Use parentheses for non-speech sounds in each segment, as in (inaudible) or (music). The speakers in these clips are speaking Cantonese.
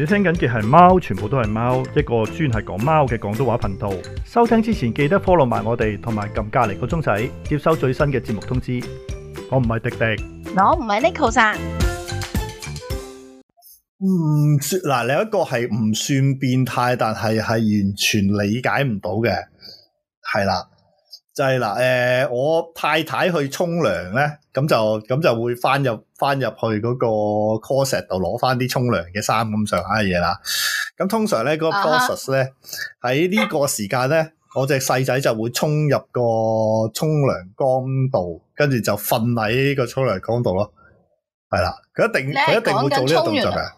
你聽緊嘅係貓，全部都係貓，一個專係講貓嘅廣東話頻道。收聽之前記得 follow 埋我哋，同埋撳隔籬個鐘仔，接收最新嘅節目通知。我唔係迪迪，我唔係 Neko 唔算嗱，另一個係唔算變態，但係係完全理解唔到嘅，係啦。就係啦，誒、呃，我太太去沖涼咧，咁就咁就會翻入翻入去嗰個 closet 度攞翻啲沖涼嘅衫咁上下嘅嘢啦。咁通常咧嗰 process、uh huh. s 咧喺呢個時間咧，我隻細仔就會沖入個沖涼缸度，跟住就瞓喺個沖涼缸度咯。係啦，佢一定佢一定會做呢個動作嘅。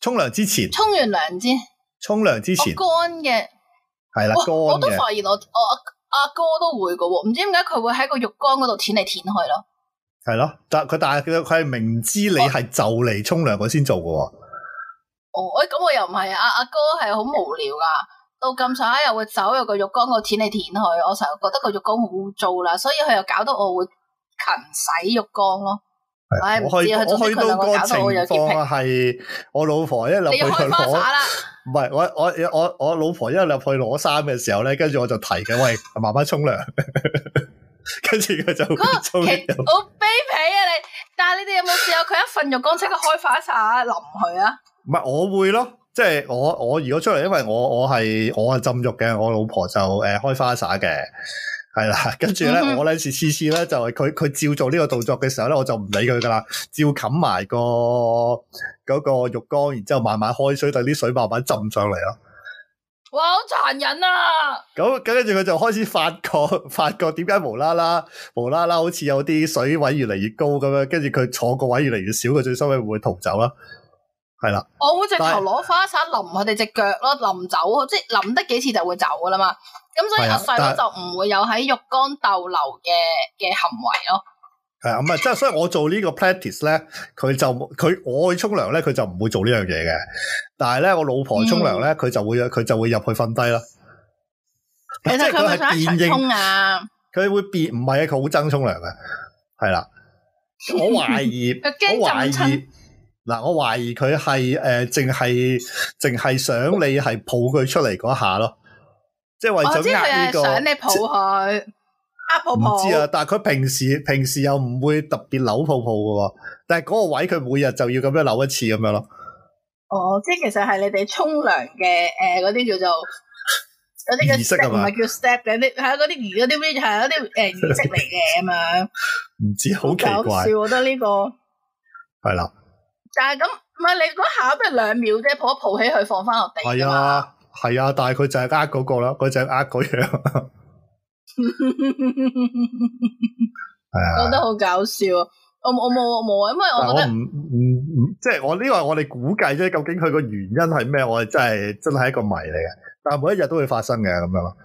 沖涼之前，沖完涼先，沖涼之前，乾嘅，係啦，乾嘅了。我都發現我我。阿哥都會噶，唔知點解佢會喺個浴缸嗰度舔嚟舔去咯。係咯，但佢但係佢佢係明知你係就嚟沖涼佢先做噶喎。哦，誒、哎，咁我又唔係，阿、啊、阿、啊、哥係好無聊噶，到咁上下又會走入個浴缸嗰度舔嚟舔去，我成日覺得個浴缸好污糟啦，所以佢又搞到我會勤洗浴缸咯。哎、我去我去到個情況係我老婆一入去攞，唔係我我我我老婆一入去攞衫嘅時候咧，跟住我就提緊喂，媽媽沖涼，跟住佢就沖。 (laughs) 好卑鄙啊你！但係你哋有冇試過佢一瞓浴缸，即刻開花灑淋佢啊？唔係我會咯，即係我我如果出嚟，因為我我係我係浸浴嘅，我老婆就誒、呃、開花灑嘅。係啦，跟住咧，我咧次次次咧就係佢佢照做呢個動作嘅時候咧，我就唔理佢噶啦，照冚埋個嗰個浴缸，然之後慢慢開水，等啲水慢慢浸上嚟咯。哇，好殘忍啊！咁跟住佢就開始發覺，發覺點解無啦啦，無啦啦好似有啲水位越嚟越高咁樣，跟住佢坐個位越嚟越少，佢最收尾會逃走啦。係啦，我會直頭攞花灑是淋佢哋隻腳咯，淋走即係淋得幾次就會走噶啦嘛。咁、嗯、所以細佬就唔會有喺浴缸逗留嘅嘅行為咯。係啊，唔係即係，所以我做個呢個 practice 咧，佢就佢我去沖涼咧，佢就唔會做呢樣嘢嘅。但係咧，我老婆沖涼咧，佢、嗯、就會佢就會入去瞓低咯。即係佢係變應啊，佢、嗯、會變唔係啊，佢好憎沖涼嘅，係啦。我懷疑， (laughs) 疑，我懷疑。嗱、啊，我懷疑佢係誒，淨係淨係想你係抱佢出嚟嗰下咯，即係為咗想你抱佢、啊，抱抱。唔知啊，但係佢平時平時又唔會特別扭抱抱噶，但係嗰個位佢每日就要咁樣扭一次咁樣咯。哦，即係其實係你哋沖涼嘅誒，嗰啲叫做嗰啲嘅 step 唔係叫 step 嘅，係嗰啲嗰啲咩，係嗰啲誒，儀式嚟嘅咁樣。唔知好奇怪，我覺得呢個係啦。但係咁，唔係你嗰下，不過兩秒啫，抱一抱起佢放翻落地。係啊，係啊，但係佢就係呃嗰個啦，佢就係呃嗰樣。係啊，覺得好搞笑啊！我我冇冇啊，因為我覺得唔唔、嗯、即係我呢個我哋估計啫，究竟佢個原因係咩？我真係真係一個謎嚟嘅。但係每一日都會發生嘅咁樣咯。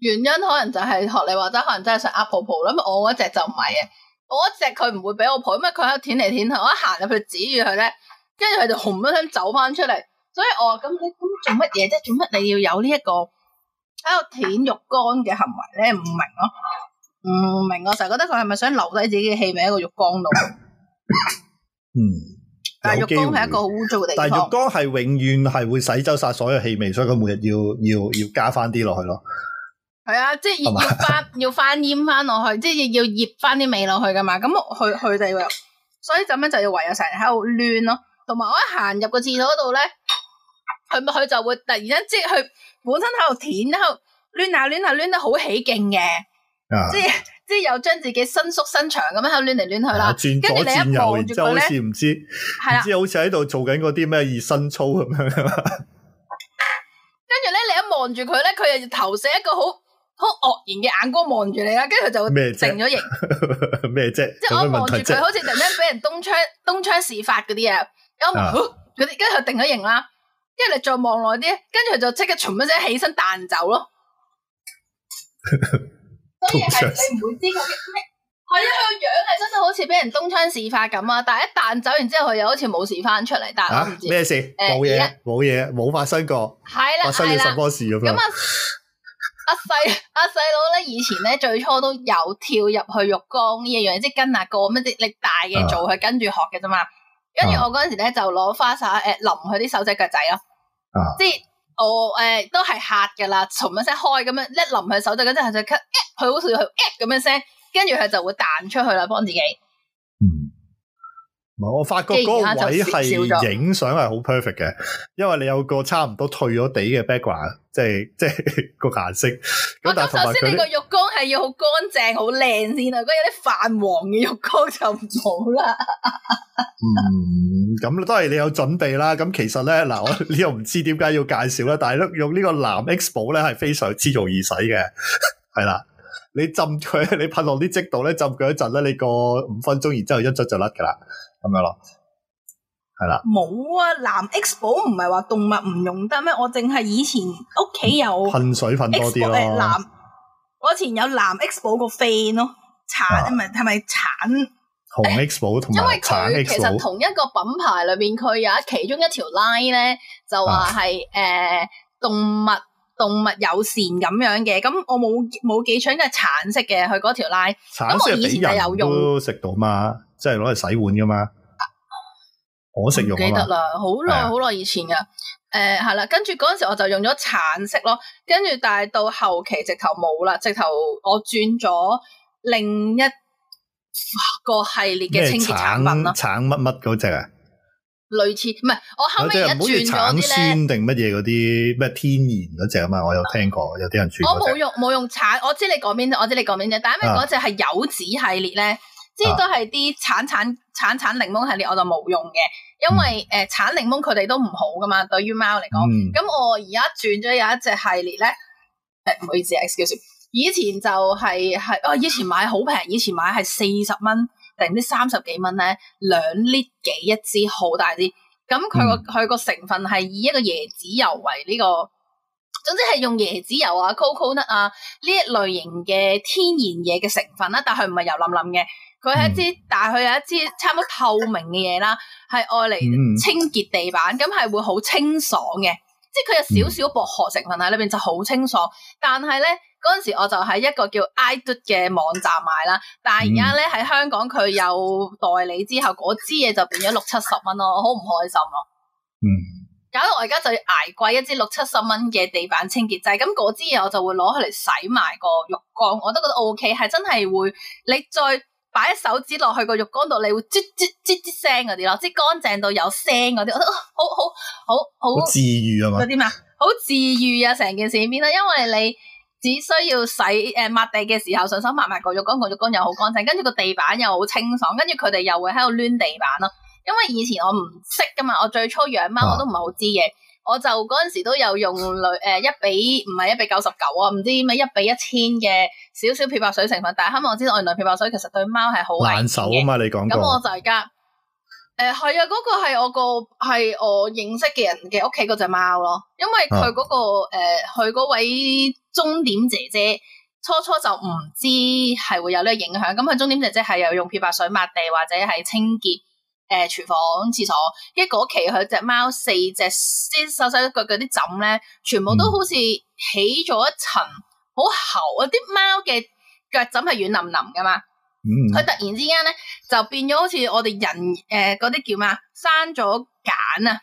原因可能就係、是、學你話齋，可能真係想呃抱抱啦。咁我嗰隻就唔係啊。我一隻佢唔會俾我抱，因為佢喺度舔嚟舔去，我一行入去指住佢咧，跟住佢就紅咗心走翻出嚟，所以我話，咁你咁做乜嘢啫？做乜你要有呢、這、一個喺度、那個、舔浴缸嘅行為咧？唔明咯，唔明我成日覺得佢係咪想留低自己嘅氣味喺個浴缸度？嗯，但係浴缸係一個好污糟嘅地方，但係浴缸係永遠係會洗走晒所有氣味，所以佢每日要要要加翻啲落去咯。係啊，即係要要翻要翻醃翻落去，即係要要醃翻啲味落去噶嘛。咁佢佢就要，所以咁樣就要唯有成日喺度亂咯。同埋我一行入個廁所度咧，佢佢就會突然間，即係佢本身喺度舔，喺度亂下亂下亂得好起勁嘅的。即係即係又將自己伸縮伸長咁樣喺度亂嚟亂去啦。啊，轉左轉右，然之後好似唔知唔的知好似喺度做緊嗰啲咩熱身操咁樣。跟住咧，你一望住佢咧，佢又投射一個好。好愕然嘅眼光望住你啦，跟住佢就咩，定咗型。咩啫？即係我望住佢，好似突然間俾人東窗東窗事發嗰啲啊！嗰啲跟住佢定咗型啦，跟住你再望耐啲，跟住佢就即刻從一聲起身彈走咯。所以係你唔會知佢咩？係啊，佢個樣係真係好似俾人東窗事發咁啊！但係一彈走完之後，佢又好似冇事翻出嚟，但我唔知咩事，冇嘢，冇嘢，冇發生過，發生咗乜事咁啊。阿細阿細佬咧，以前咧最初都有跳入去浴缸哥哥、啊、呢樣嘢、呃，即係跟阿哥咁樣啲力大嘅做，佢跟住學嘅啫嘛。跟住我嗰陣時咧，就攞花灑誒淋佢啲手仔腳仔咯，即係我誒都係吓噶啦，從乜聲開咁樣一淋佢手仔腳仔，佢就吸，佢好似佢咁樣聲，跟住佢就會彈出去啦，幫自己。唔係，我發覺嗰個位係影相係好 perfect 嘅，因為你有個差唔多退咗底嘅 background，即係即係個顏色。但咁、啊、首先，你個浴缸係要好乾淨、好靚先啊！如果有啲泛黃嘅浴缸就唔好啦。 (laughs) 嗯，咁都係你有準備啦。咁其實咧，嗱，我你又唔知點解要介紹咧， (laughs) 但係用用呢個藍 X 寶咧，係非常之容易使嘅，係啦。 (laughs) 你浸佢，你噴落啲積度咧，浸佢一陣咧，你過五分鐘，然之後一捽就甩噶、啊、啦，咁樣咯，係啦。冇啊，藍 X 寶唔係話動物唔用得咩？我淨係以前屋企有噴水粉多啲咯。藍，我以前有藍 X 寶個 fan 咯，橙，係咪係咪橙紅 X 寶同橙 X 寶，因為佢其實同一個品牌裏面，佢有一其中一條 line 咧，就話係，誒，動物。動物友善咁樣嘅，咁我冇冇記錯嘅橙色嘅佢嗰條拉，條橙色以前就有用。都食到嘛，即係攞嚟洗碗噶嘛。啊、我食用。啊，記得啦，好耐好耐以前噶，誒係啦，跟住嗰陣時我就用咗橙色咯，跟住但係到後期直頭冇啦，直頭我轉咗另一個系列嘅清潔產品啦，橙乜乜嗰隻啊。類似唔係，我後尾一轉咗啲咧，定乜嘢嗰啲咩天然嗰隻啊嘛，我有聽過，有啲人轉。我冇用冇用橙，我知你講邊，我知你講邊隻，但因為嗰隻係柚子系列咧，即係、啊、都係啲橙橙橙橙檸檬系列，我就冇用嘅，因為誒、嗯呃、橙檸檬佢哋都唔好噶嘛，對於貓嚟講。咁、嗯、我而家轉咗有一隻系列咧，誒唔好意思，excuse me，以前就係係哦，以前買好平，以前買係四十蚊。定啲三十幾蚊咧，兩 lit 幾一支，好大啲。咁佢個佢個成分係以一個椰子油為呢、這個，總之係用椰子油啊、coconut 啊呢一類型嘅天然嘢嘅成分啦。但佢唔係油淋淋嘅，佢係一支，嗯、但係佢係一支差唔多透明嘅嘢啦，係愛嚟清潔地板，咁係、嗯、會好清爽嘅，即係佢有少少薄荷成分喺裏邊就好清爽，但係咧。嗰陣時我就喺一個叫 I Do 嘅網站買啦，但係而家咧喺香港佢有代理之後，嗰支嘢就變咗六七十蚊咯，好唔開心咯。嗯，搞到我而家就要捱貴一支六七十蚊嘅地板清潔劑。咁嗰支嘢我就會攞嚟洗埋個浴缸，我都覺得 OK，係真係會你再擺一手指落去個浴缸度，你會吱吱吱吱聲嗰啲咯，即係乾淨到有聲嗰啲，我覺得好好好好好治癒啊嘛，嗰啲嘛，好治癒啊！成件事邊啦，因為你。只需要洗誒抹、呃、地嘅時候順手抹埋個浴缸，個浴缸又好乾淨，跟住個地板又好清爽，跟住佢哋又會喺度攣地板咯。因為以前我唔識㗎嘛，我最初養貓我都唔係好知嘅，啊、我就嗰陣時都有用類誒一比唔係一比九十九啊，唔知咩一比一千嘅少少漂白水成分，但係後尾我知道我原來漂白水其實對貓係好難受啊嘛！你講咁我就而家。誒，係、呃、啊，嗰、那個係我個係我認識嘅人嘅屋企嗰隻貓咯，因為佢嗰、那個誒，佢嗰、啊呃、位鐘點姐姐初初就唔知係會有呢個影響，咁佢鐘點姐姐係有用漂白水抹地或者係清潔誒廚房廁所，一嗰期佢隻貓四隻啲細細腳腳啲枕咧，全部都好似起咗一層好厚啊，啲貓嘅腳枕係軟腍腍㗎嘛。佢、嗯、突然之間咧，就變咗好似我哋人誒嗰啲叫咩啊，生咗繭啊，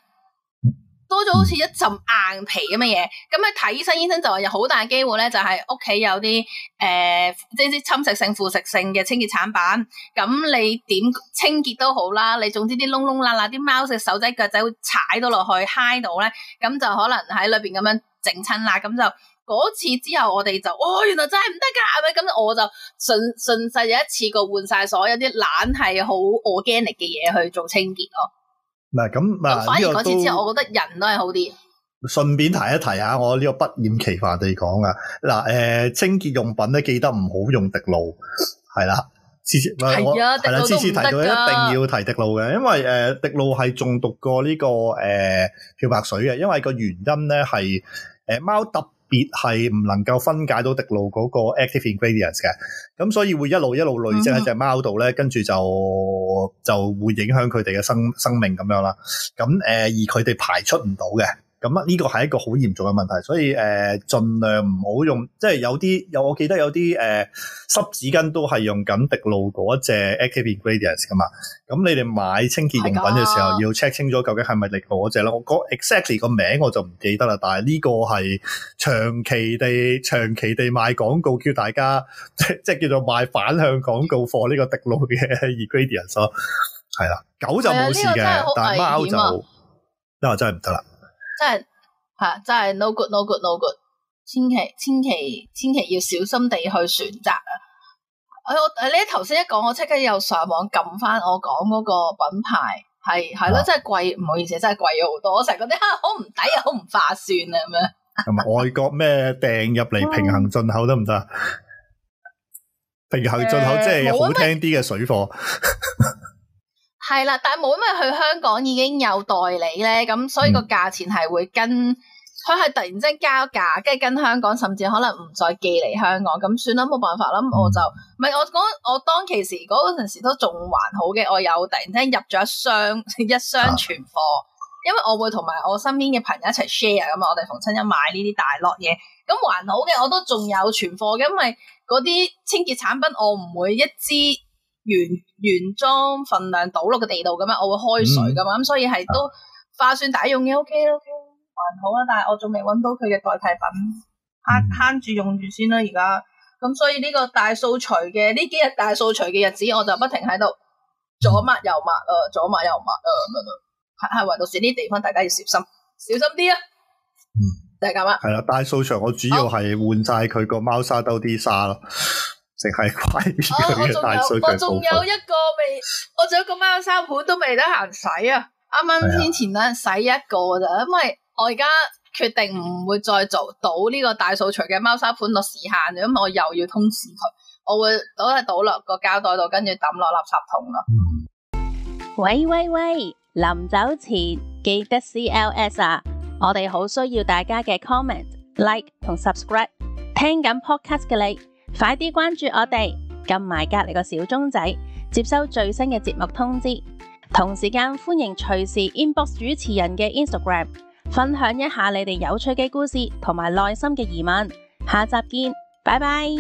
多咗好似一層硬皮咁嘅嘢。咁咧睇醫生，醫、嗯、生、嗯嗯、就話有好大機會咧，就係屋企有啲誒，即係啲侵蝕性、腐蝕性嘅清潔產品。咁你點清潔都好啦，你總之啲窿窿罅罅，啲貓隻手仔、腳仔會踩到落去嗨到咧，咁就可能喺裏邊咁樣整親啦，咁就。嗰次之後我，我哋就哦，原來真係唔得㗎，係咪咁？我就順順勢有一次過換晒所有啲懶係好 organic 嘅嘢去做清潔咯。嗱，咁啊，反而嗰次之後，我覺得人都係好啲。順便提一提一下，我呢個不厭其煩地講啊，嗱、呃、誒，清潔用品咧，記得唔好用滴露，係啦， (laughs) 次次係次次提到一定要提滴露嘅，因為誒、呃、滴露係仲毒過呢、呢個誒漂、呃、白水嘅，因為個原因咧係誒貓突別係唔能夠分解到滴露嗰個 active ingredients 嘅，咁所以會一路一路累積喺隻貓度咧， (music) 跟住就就會影響佢哋嘅生生命咁樣啦。咁誒，而佢哋排出唔到嘅。咁啊，呢個係一個好嚴重嘅問題，所以誒，儘、呃、量唔好用，即係有啲有我記得有啲誒、呃、濕紙巾都係用緊滴露嗰隻 active ingredients 噶嘛。咁你哋買清潔用品嘅時候的要 check 清楚究竟係咪滴露嗰隻啦。我個 exactly 個名我就唔記得啦，但係呢個係長期地長期地賣廣告，叫大家即即叫做賣反向廣告貨呢個滴露嘅 ingredients 咯。係 (laughs) 啦、 (laughs) 嗯，狗就冇事嘅，這個啊、但係貓就因為、呃、真係唔得啦。真係吓，真係 no good，no good，no good，千祈千祈千祈要小心地去選擇啊！哎，我誒，你頭先一講，我即刻又上網撳翻我講嗰個品牌，係係咯，啊、真係貴，唔好意思，真係貴咗好多，我成日覺得好唔抵又好唔劃算啊，同埋 (laughs) 外國咩訂入嚟平行進口得唔得？行行呃、平行進口即係、呃、好聽啲嘅水貨。呃 (laughs) 係啦，但係冇因為去香港，已經有代理咧，咁所以個價錢係會跟佢係、嗯、突然間加價，跟跟香港甚至可能唔再寄嚟香港，咁算啦，冇辦法啦。咁我就唔係、嗯、我我，我當其時嗰陣、那個、時都仲還，還好嘅，我有突然間入咗一箱一箱存貨、啊、貨，因為我會同埋我身邊嘅朋友一齊 share 咁啊，我哋逢親一買呢啲大落嘢，咁還好嘅，我都仲有存貨嘅，因為嗰啲清潔產品我唔會一支。原原裝份量倒落個地度咁啊，我會開水噶嘛，咁、嗯、所以係都化算大用嘅 O K o k 還好啦、啊，但係我仲未搵到佢嘅代替品，慳慳住用住先啦而家，咁所以呢個大掃除嘅呢幾日大掃除嘅日子，我就不停喺度左抹右抹，誒左抹右抹，誒、呃，係係話到是呢地方大家要小心，小心啲啊，嗯，就係咁啦，係啦，大掃除我主要係換晒佢個貓砂兜啲沙咯。 (laughs) 淨係關於嗰啲大掃除。我仲有 (laughs) 我仲有一個未， (laughs) 我仲有一個貓砂盤都未得閒洗啊！啱啱先前日洗一個咋，因為我而家決定唔會再做倒呢個大掃除嘅貓砂盤落時限，因為我又要通知佢，我會倒嚟倒落個膠袋度，跟住抌落垃圾桶啦。嗯、喂喂喂！臨走前記得 CLS 啊！我哋好需要大家嘅 comment、like 同 subscribe。聽緊 podcast 嘅你。快啲關注我哋，撳埋隔籬個小鐘仔，接收最新嘅節目通知。同時間歡迎隨時 inbox 主持人嘅 Instagram，分享一下你哋有趣嘅故事同埋內心嘅疑問。下集見，拜拜。